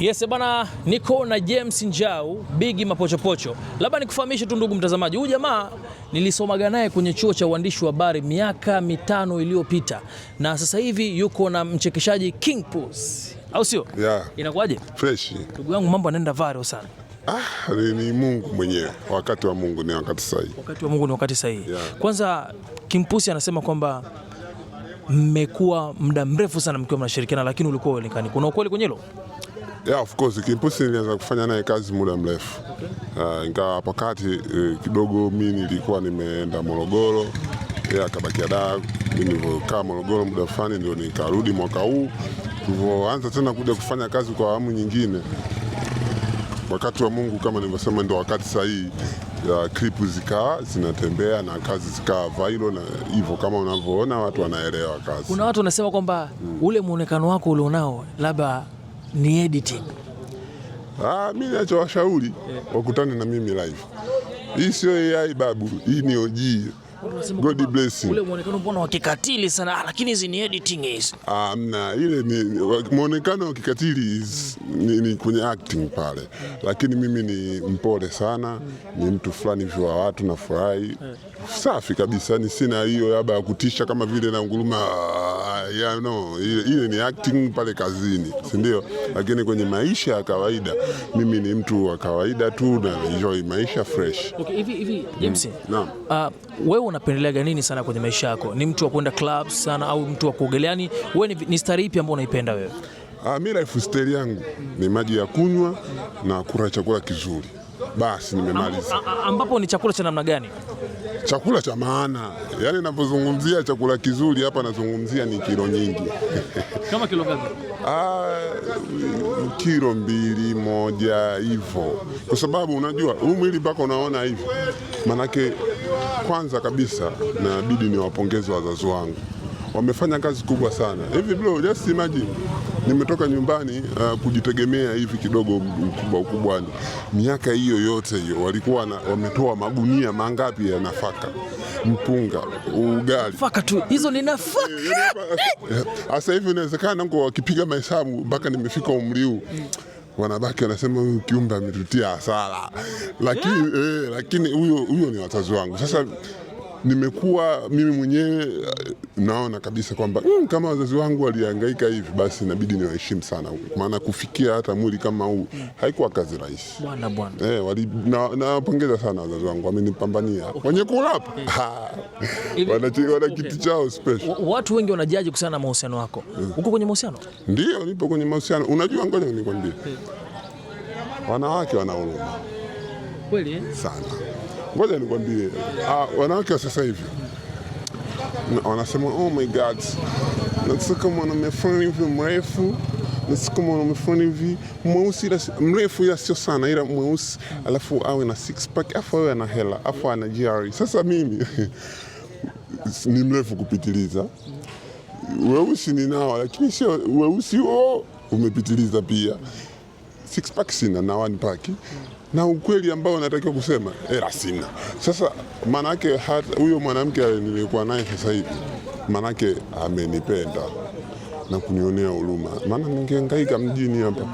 Yes bana, niko na James Njau Bigi Mapochopocho. Labda nikufahamishe tu ndugu mtazamaji, huyu jamaa nilisomaga naye kwenye chuo cha uandishi wa habari miaka mitano iliyopita, na sasa hivi yuko na mchekeshaji King Puss, au sio? Yeah. Inakuwaje? Fresh. Ndugu yangu, mambo yanaenda viral sana. Ah, ni Mungu mwenyewe, wakati wa Mungu ni wakati sahihi. Wakati wa Mungu ni wakati sahihi. Yeah. Kwanza King Puss anasema kwamba mmekuwa muda mrefu sana mkiwa mnashirikiana, lakini ulikuwa uonekani. Kuna ukweli kwenye hilo? Yeah, of course Kimpusi nilianza kufanya naye kazi muda mrefu okay. Uh, ingawa hapa kati uh, kidogo mimi nilikuwa nimeenda Morogoro yeye akabakia Dar. Mimi nilivyokaa Morogoro muda fulani ndio nikarudi mwaka huu, tulivyoanza tena kuja kufanya kazi kwa awamu nyingine. Wakati wa Mungu kama nilivyosema, ndio wakati sahihi ya klipu zikawa zinatembea na kazi zikaa viral, na hivyo kama unavyoona watu wanaelewa kazi. Kuna watu wanasema kwamba hmm, ule muonekano wako ulionao labda ni editing. Ah, mimi nachowashauri yeah, wakutane na mimi live. Hii sio AI babu, hii ni OG. God bless you. Ule muonekano mbona wa kikatili sana, ah, lakini hizi ni editing hizi. Ah, mna ile ni muonekano wa kikatili ni, ni kwenye acting pale, lakini mimi ni mpole sana, ni mtu fulani hivyo wa watu nafurahi eh. safi kabisa, ni sina hiyo labda ya kutisha kama vile na nguruma yeah, no. Ile ni acting pale kazini, si ndio? Lakini kwenye maisha ya kawaida mimi ni mtu wa kawaida tu na enjoy maisha fresh. Okay, hivi hivi mm. James. Naam. Uh, wewe unapendelea nini sana kwenye maisha yako? Ni mtu wa kwenda club sana au mtu wa kuogelea? Ni wewe ni, ni stari ipi ambayo unaipenda wewe? Ah, mimi lifestyle yangu ni maji ya kunywa na kula chakula kizuri. Basi nimemaliza. Ambapo ni chakula cha namna gani? Chakula cha maana, yaani ninapozungumzia chakula kizuri hapa nazungumzia ni kilo nyingi kama kilo gani? Ah, kilo mbili moja hivyo, kwa sababu unajua huu mwili mpaka unaona hivi. Manake kwanza kabisa nabidi niwapongeze wazazi wangu, wamefanya kazi kubwa sana hivi bro, just imagine nimetoka nyumbani uh, kujitegemea hivi kidogo ukubwa ukubwani. Miaka hiyo yote hiyo walikuwa wametoa magunia mangapi ya nafaka, mpunga, ugali, nafaka tu hizo ni nafaka. Sasa eh, eh, eh, hivi inawezekana ngo wakipiga mahesabu mpaka nimefika umri huu wanabaki wanasema huyu kiumbe ametutia hasara, lakini yeah. eh, lakini huyo huyo ni wazazi wangu sasa nimekuwa mimi mwenyewe eh, naona kabisa kwamba mm, kama wazazi wangu walihangaika hivi, basi inabidi niwaheshimu sana, maana kufikia hata mwili kama huu mm, haikuwa kazi rahisi bwana bwana. Eh, wali nawapongeza na sana wazazi wangu, wamenipambania wenye kula hapa wana kitu chao special. Watu wengi wanajaji kusana na mahusiano wako mm. Uko kwenye mahusiano? Ndio, nipo kwenye mahusiano. Unajua, ngoja nikwambie, hmm. wanawake wana huruma kweli eh? sana Ngoja nikwambie, uh, wanawake wa sasa hivi wanasema oh my god, nataka mwanaume fulani hivi mrefu, nataka mwanaume fulani hivi mweusi, ila mrefu ila sio sana, ila mweusi, alafu awe na six pack, afu awe ana hela, afu ana GR. E. Sasa mimi ni mrefu kupitiliza, weusi ninao, lakini sio weusi oh, umepitiliza pia, six pack sina na one pack na ukweli ambao anatakiwa kusema hela sina. Sasa manake huyo mwanamke nilikuwa naye sasa hivi, manake amenipenda na kunionea huruma, maana ningehangaika mjini hapa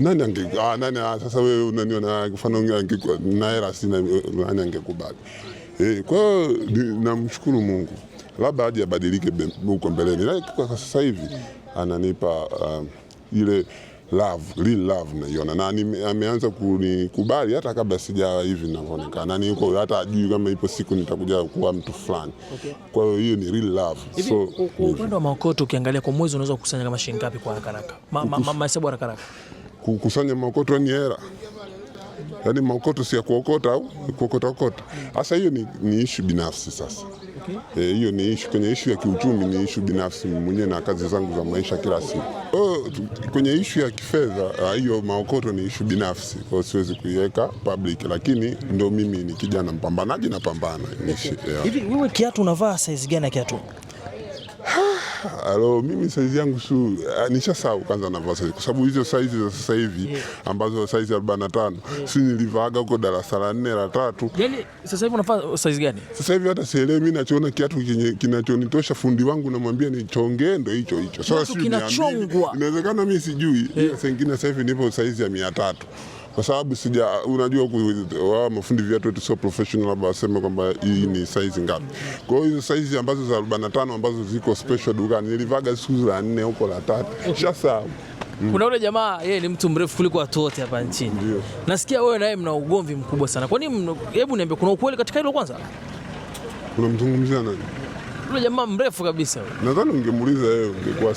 nani ange ah, nani ah, sasa wewe unaniona kufanya unge na hela sina, nani angekubali? Eh, kwa hiyo namshukuru Mungu, labda aje abadilike huko mbeleni, lakini kwa sasa hivi ananipa uh, ile love, real love naiona na ameanza kunikubali hata kabla sija hivi ninavyoonekana, na niko hata ajui kama ipo siku nitakuja kuwa mtu fulani. Kwa hiyo hiyo ni real love. So kwa upande wa maokoto ukiangalia kwa mwezi unaweza kukusanya kama shilingi ngapi kwa haraka haraka? Mahesabu haraka haraka. Kukusanya maokoto ni hera yaani maokoto si ya kuokota au kuokota okota. Sasa hiyo ni, ni ishu binafsi sasa E, hiyo e, ni ishu kwenye ishu ya kiuchumi, ni ishu binafsi mwenyewe na kazi zangu za maisha kila siku. kwenye ishu ya kifedha hiyo maokoto ni ishu binafsi, kwa siwezi kuiweka public, lakini ndo mimi ni kijana mpambanaji, napambana. Hivi wewe kiatu unavaa size gani ya kiatu? Ah, alo, mimi saizi yangu su ah, nishasahau kwanza navaa saizi, kwa sababu hizo saizi za sasa hivi yeah. ambazo saizi arobaini na tano yeah. si nilivaaga huko darasa la nne la tatu. Yani sasa hivi unavaa saizi gani? Sasa hivi hata sielewi mimi, nachoona kiatu kinachonitosha fundi wangu namwambia nichongee ndo hicho hicho. Sasa kinachongwa, inawezekana mimi sijui, ila sengine sasa hivi nipo saizi ya mia tatu kwa sababu sija, unajua wao mafundi viatu wetu sio professional, labda waseme kwamba hii ni size ngapi. Kwa hiyo hizo size ambazo za 45 ambazo ziko special dukani nilivaga siku la nne huko la tatu shasahau. Mm. Kuna yule jamaa yeye ni mtu mrefu kuliko watu wote hapa nchini. Ndiyo. Nasikia wewe naye mna ugomvi mkubwa sana. Kwa nini? Hebu niambie kuna ukweli katika hilo kwanza? Unamzungumzia nani? Yule jamaa mrefu kabisa. Nadhani ungemuuliza yeye ungekuwa.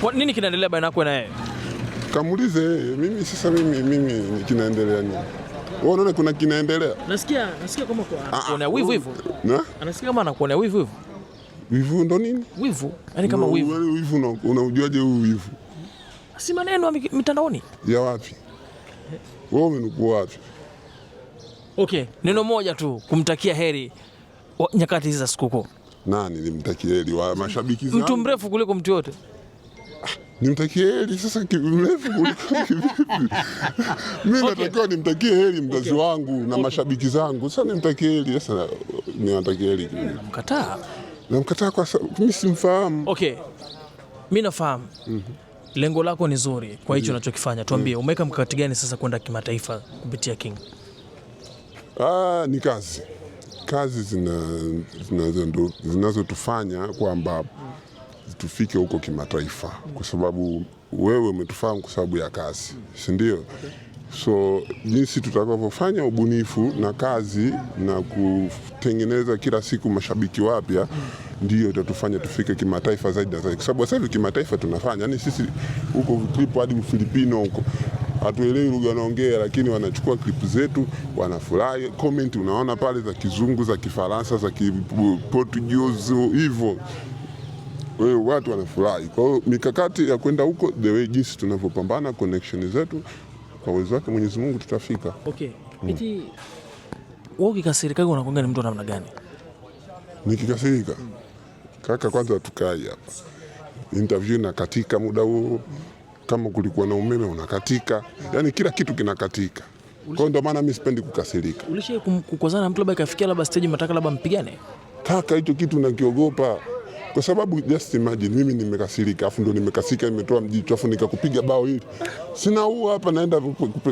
Kwa nini kinaendelea baina yako na yeye? kamulize mimi sasa mimi mimi kinaendelea nini? Wewe unaona kuna kinaendelea? Nasikia nasikia kama kwa ah, ah. una wivu hivu. Na? Anasikia kama anakuona wivu hivu. Wivu ndo nini? Wivu. Yaani kama wivu. Wewe wivu na unajuaje huu wivu? Si maneno mitandaoni. Ya wapi? Wewe umenukua wapi? Okay, neno moja tu kumtakia heri nyakati hizi za sikukuu. Nani nimtakie heri? Wa mashabiki zangu. Mtu mrefu kuliko mtu yote nimtakie heri sasa kivipi? Mimi natakiwa nimtakie heri mzazi wangu na mashabiki zangu, sasa nimtakie heri sasa, niwatakie heri kivipi? Mkataa namkataa kwa sababu mimi simfahamu. Okay, mimi nafahamu mm -hmm. lengo lako ni zuri kwa hicho mm unachokifanya. Tuambie, mhm. umeweka mkakati gani sasa kwenda kimataifa kupitia King? Ah, ni kazi kazi zinazotufanya zina, zina, zina kwamba mhm tufike huko kimataifa, kwa sababu wewe umetufahamu kwa sababu ya kazi, si ndio? So jinsi tutakavyofanya ubunifu na kazi na kutengeneza kila siku mashabiki wapya ndiyo itatufanya tufike kimataifa zaidi na zaidi, kwa sababu sasa hivi kimataifa tunafanya, yani sisi huko klipu hadi Filipino huko hatuelewi lugha wanaongea, lakini wanachukua klipu zetu, wanafurahi. Comment unaona pale za Kizungu, za Kifaransa, za Kiportujuzi hivyo kwa hiyo watu wanafurahi. Kwa hiyo mikakati ya kwenda huko, the way jinsi tunavyopambana connection zetu, kwa uwezo wake Mwenyezi Mungu tutafika. Okay. Hmm. Eti wewe ukikasirika unakuwa ni mtu namna gani? Nikikasirika hmm. Kaka, kwanza tukai hapa, interview inakatika muda huo, kama kulikuwa na umeme unakatika, yaani kila kitu kinakatika. Kwa hiyo ndio maana mimi sipendi kukasirika. Ulishawahi kukozana na mtu labda ikafikia labda stage mtaka labda mpigane? Kaka, hicho kitu nakiogopa kwa sababu just imagine mimi nimekasirika, afu ndo nimekasirika, nimetoa mjicho afu nikakupiga bao hili, sina huu hapa, naenda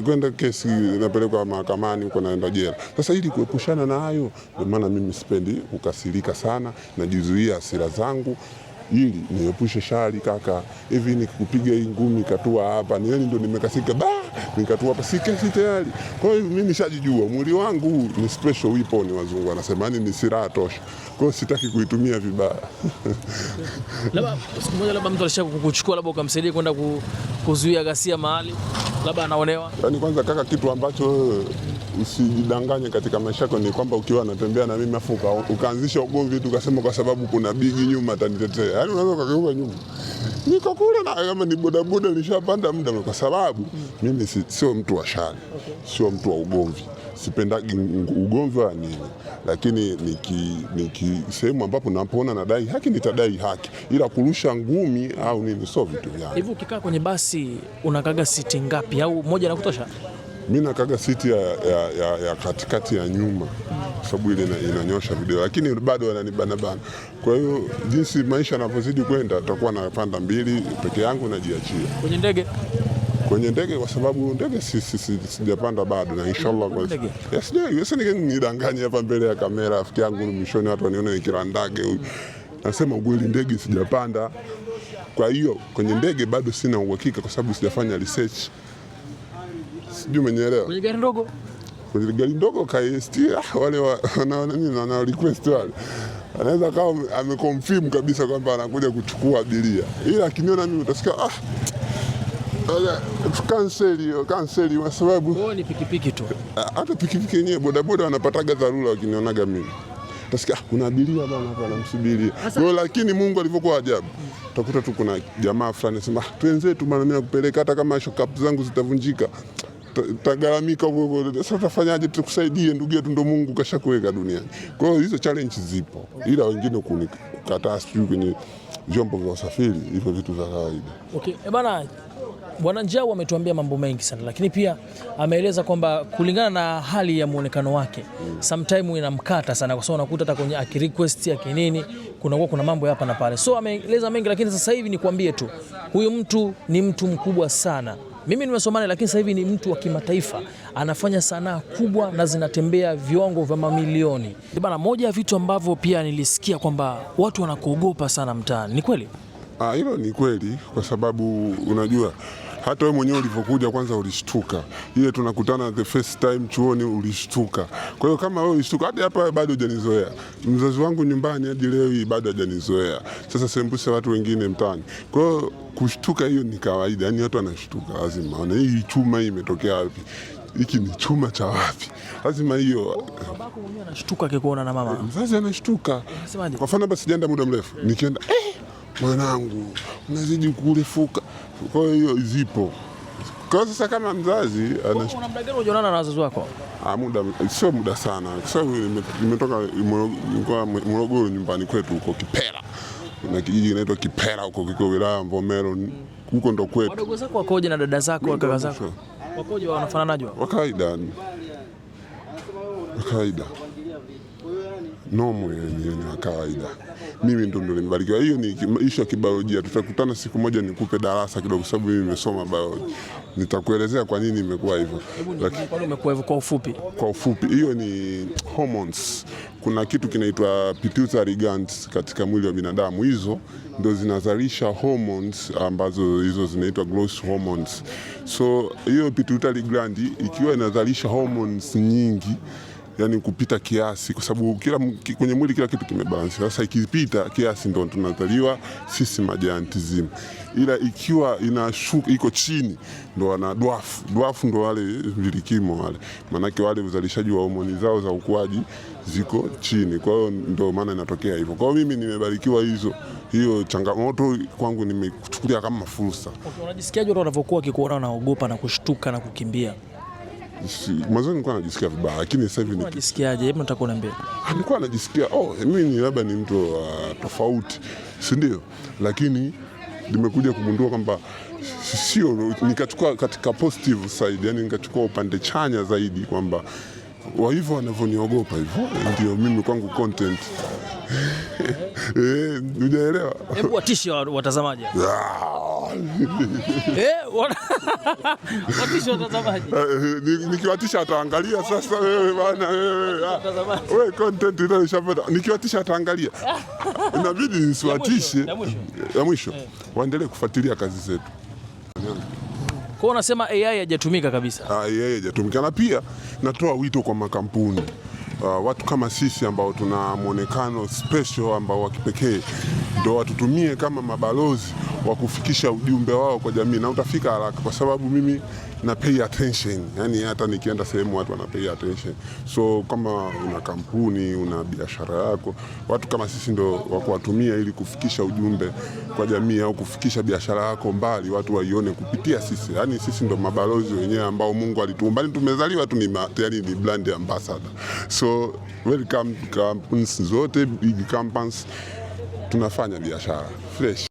kwenda kesi, napelekwa mahakamani huko, naenda jela. Sasa ili kuepushana na hayo, ndio maana mimi sipendi kukasirika sana, najizuia hasira zangu ili niepushe shari. Kaka, hivi nikupiga hii ngumi katua hapa, ni yani ndo nimekasirika baa nikatua basi si kesi tayari. Kwa hiyo mimi nishajijua mwili wangu ni special weapon, wazungu wanasema, yaani ni silaha tosha. Kwa hiyo sitaki kuitumia vibaya. Labda siku moja, labda mtu alishakuchukua, labda ukamsaidia kwenda kuzuia ghasia mahali, labda anaonewa. Yani kwanza kaka, kitu ambacho usijidanganye katika maisha yako, ni kwamba ukiwa anatembea na mimi afu ukaanzisha ugomvi tu ukasema kwa sababu kuna bigi nyuma atanitetea, yaani unaweza ukageuka nyuma niko kule na kama ni bodaboda nishapanda muda, kwa sababu mimi si, sio mtu wa shari okay. Sio mtu wa ugomvi, sipendagi ugomvi wa nini, lakini niki, niki sehemu ambapo napoona nadai haki nitadai haki, ila kurusha ngumi au nini sio vitu vyangu. Hivi ukikaa kwenye basi unakaga siti ngapi au moja na kutosha? mi nakaga siti ya, ya, ya, ya katikati ya nyuma kwa sababu ile inanyosha video, lakini bado wananibanabana. Kwa hiyo jinsi maisha yanavyozidi kwenda, tutakuwa napanda mbili peke yangu, najiachia kwenye ndege kwenye ndege kwa sababu ndege sijapanda bado, na inshallah nidanganye hapa mbele ya kamera, rafiki yangu mishoni, watu wanione nikila ndege huyu. Nasema ukweli, ndege sijapanda. Kwa hiyo kwenye ndege bado sina uhakika, kwa sababu sijafanya research sijui umenielewa. Kwenye gari ndogo kwenye gari ndogo kaesti ah, wale wana request wale anaweza kawa ameconfirm kabisa kwamba anakuja kuchukua abiria, ila akiniona mimi utasikia ah, kanseli kanseli, kwa sababu wao oh, ni pikipiki tu. Ah, hata pikipiki yenyewe bodaboda wanapataga dharura, wakinionaga mimi utasikia ah, kuna abiria bana hapa anamsubiria. No, lakini Mungu alivyokuwa ajabu, utakuta tu kuna jamaa fulani anasema, twenzetu bana, mimi nakupeleka hata kama shokapu zangu zitavunjika tagaramika sasa, tafanyaje? Tukusaidie ndugu yetu, ndo Mungu kashakuweka duniani. Kwa hiyo hizo challenge zipo, ila wengine kunikataa, sijui kwenye vyombo vya usafiri, hivyo vitu vya kawaida. Okay, eh, bwana Bwana Njau ametuambia mambo mengi sana, lakini pia ameeleza kwamba kulingana na hali ya muonekano wake mm. sometime inamkata sana, kwa sababu unakuta hata kwenye akirequest akinini kunakuwa kuna mambo hapa na pale, so ameeleza mengi, lakini sasa hivi nikwambie tu huyu mtu ni mtu mkubwa sana. Mimi nimesomana lakini sasa hivi ni mtu wa kimataifa, anafanya sanaa kubwa na zinatembea viwango vya mamilioni. Bana, moja ya vitu ambavyo pia nilisikia kwamba watu wanakuogopa sana mtaani, ni kweli? Ah, hilo ni kweli, kwa sababu unajua hata wewe mwenyewe ulivyokuja kwanza ulishtuka, ile tunakutana the first time chuoni ulishtuka. Kwa hiyo kama wewe ulishtuka, hadi hapa bado hujanizoea. Mzazi wangu nyumbani hadi leo hii bado hajanizoea, sasa sembuse watu wengine mtaani. Kwa hiyo kushtuka, hiyo ni kawaida, yani watu wanashtuka lazima, na hii chuma hii imetokea wapi? hiki ni chuma cha wapi? Lazima hiyo. Babako mwenyewe anashtuka akikuona na mama, mzazi anashtuka. Kwa mfano hapa sijaenda muda mrefu, nikienda eh, mwanangu unazidi kurefuka kwa hiyo zipo kwa sasa. Kama mzazi una muda gani unaonana na wazazi wako? Ah, muda sio muda sana, kwa sababu nimetoka Morogoro nyumbani kwetu huko Kipera na kijiji kinaitwa Kipera huko kiko wilaya Mvomero, huko ndo kwetu. Wadogo zako wakoje na dada zako na kaka zako wakoje, wanafananaje? Wa kawaida wa kawaida nomo wa kawaida. Mimi ndo ndo nimebarikiwa, hiyo ni ishu ya kibiolojia. Tutakutana siku moja nikupe darasa kidogo, sababu mimi nimesoma biolojia, nitakuelezea kwa nini imekuwa hivyo. Kwa ufupi, kwa ufupi, hiyo ni hormones. Kuna kitu kinaitwa pituitary glands katika mwili wa binadamu, hizo ndo zinazalisha hormones ambazo hizo zinaitwa growth hormones. So hiyo pituitary gland ikiwa inazalisha hormones nyingi yani kupita kiasi, kwa sababu kila kwenye mwili kila kitu kimebalansi. Sasa ikipita kiasi ndo tunazaliwa sisi majantizimu, ila ikiwa inashuka iko chini ndo wana dwafu. Dwafu ndo wale vilikimo wale, maanake wale uzalishaji wa homoni zao za ukuaji ziko chini, kwa hiyo ndo maana inatokea hivyo. Kwa hiyo mimi nimebarikiwa hizo, hiyo changamoto kwangu nimechukulia kama fursa. unajisikiaje watu wanavyokuwa wakikuona wanaogopa na kushtuka na kukimbia? mwanzoni nilikuwa najisikia vibaya, lakini sasa hivi najisikiaje? Hebu nataka uniambie. Nilikuwa najisikia oh, mimi labda ni mtu uh, tofauti, si ndio? Lakini nimekuja kugundua kwamba sio, nikachukua katika positive side, yani nikachukua upande chanya zaidi kwamba wa hivyo wanavyoniogopa hivyo, ndio mimi kwangu content Eh, Unaelewa? Hebu watishe watazamaji. Nikiwatisha ataangalia sasa. Wewe bwana, eh, eh, ah. wewe content ishapata. Nikiwatisha ataangalia, inabidi nisiwatishe. Ya mwisho waendelee kufuatilia kazi zetu. Kwa unasema AI hajatumika kabisa? AI ah, hajatumika, na pia natoa wito kwa makampuni uh, watu kama sisi ambao tuna mwonekano special ambao wa kipekee ndo watutumie kama mabalozi wa kufikisha ujumbe wao kwa jamii, na utafika haraka, kwa sababu mimi na pay attention, yani hata nikienda sehemu watu wana pay attention. So kama una kampuni, una biashara yako, watu kama sisi ndo wa kuwatumia ili kufikisha ujumbe kwa jamii au kufikisha biashara yako mbali, watu waione kupitia sisi. Yani sisi ndo mabalozi wenyewe ambao Mungu alituumba, ni yaani tumezaliwa tu, yani ni brand ambassador. So welcome to companies zote, big companies tunafanya biashara fresh.